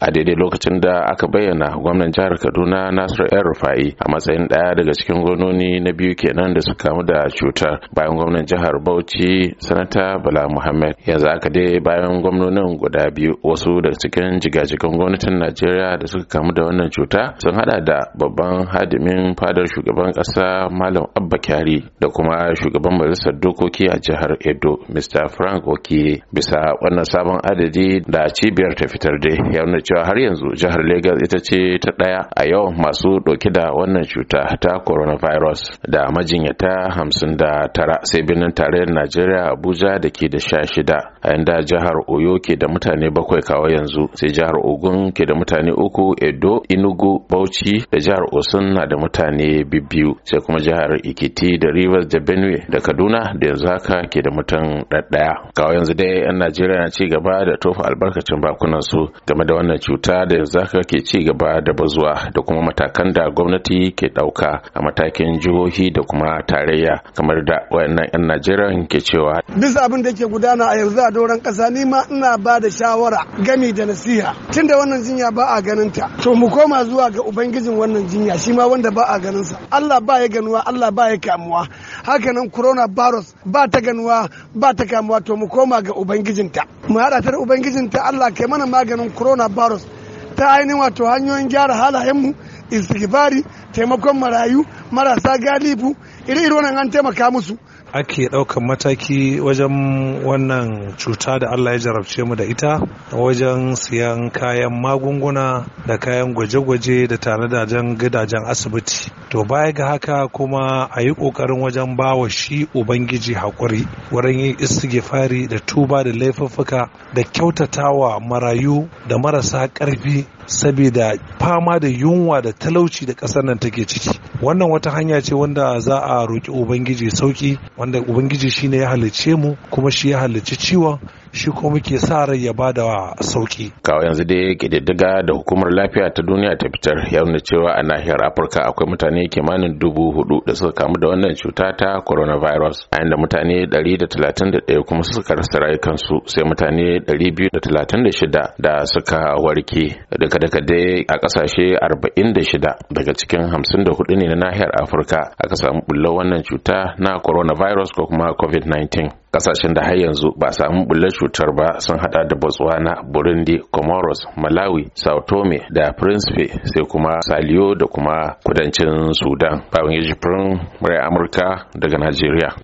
a daidai lokacin da aka bayyana gwamnan jihar kaduna nasiru yan rufa'i a matsayin ɗaya daga cikin gononi na biyu kenan da suka kamu da cutar bayan gwamnan jihar bauchi sanata bala muhammad yanzu aka dai bayan gwamnonin guda biyu wasu daga cikin jigajigan gwamnatin najeriya da suka kamu da wannan cuta sun hada da babban hadimin fadar shugaban ƙasa malam abba kyari da kuma shugaban majalisar dokoki a jihar edo mr frank okiye bisa wannan sabon adadi da cibiyar ta fitar da ya cewa har yanzu jihar Legas ita ce ta ɗaya a yawan masu ɗauke da wannan cuta ta coronavirus da majinyata hamsin da tara sai birnin tarayyar Najeriya Abuja da ke da sha shida a yanda jihar Oyo ke da mutane bakwai kawo yanzu sai jihar Ogun ke da mutane uku Edo Inugu Bauchi da jihar Osun na da mutane biyu sai kuma jihar Ikiti da Rivers da Benue da Kaduna da yanzu haka ke da mutum ɗaya kawo yanzu dai 'yan Najeriya na ci gaba da tofa albarkacin bakunan su game da wannan wannan cuta da yanzu haka ke ci gaba da bazuwa da kuma matakan da gwamnati ke ɗauka a matakin jihohi da kuma tarayya kamar da wayannan 'yan Najeriya ke cewa. Bisa abin da ke gudana a yanzu a doron ƙasa ni ma ina ba da shawara gami da nasiha tunda wannan jinya ba a ganin ta to mu koma zuwa ga ubangijin wannan jinya shi ma wanda ba a ganin sa Allah ba ya ganuwa Allah ba ya kamuwa hakanan corona virus ba ta ganuwa ba ta kamuwa to mu koma ga ubangijinta mu hada ta da ubangijinta Allah kai mana maganin corona virus virus ta ainihin wato hanyoyin gyara halayenmu istighfari taimakon marayu marasa galibu iri-iri wannan an taimaka musu ake ɗaukan mataki wajen wannan cuta da Allah ya jarabce mu da ita wajen siyan kayan magunguna da kayan gwaje-gwaje da tare da gidajen asibiti to baya ga haka kuma a yi ƙoƙarin wajen bawa shi ubangiji haƙuri wurin yin istighfari da tuba da laifuffuka da kyautatawa marayu da marasa ƙarfi saboda fama da yunwa da talauci da ƙasar nan take ciki wannan wata hanya ce wanda za a roƙi ubangiji sauki wanda ubangiji shine ya halicce mu kuma shi ya halicci ciwon shi ko muke sa rai ya ba bada sauki. Kawo yanzu dai kididdiga da hukumar lafiya ta duniya ta fitar ya nuna cewa a nahiyar Afirka akwai mutane kimanin dubu hudu da suka kamu da wannan cuta ta coronavirus a da mutane 131 kuma suka rasa rayukansu sai mutane 236 da suka warke daga kade-kade a kasashe 46 daga cikin 54 ne na nahiyar afirka aka samu bullo wannan cuta na coronavirus ko kuma covid-19 kasashen da har yanzu ba samu bullo cutar ba sun hada da botswana burundi comoros malawi sao tome da principe sai kuma saliyo da kuma kudancin sudan baban yajifin murai amurka daga najeriya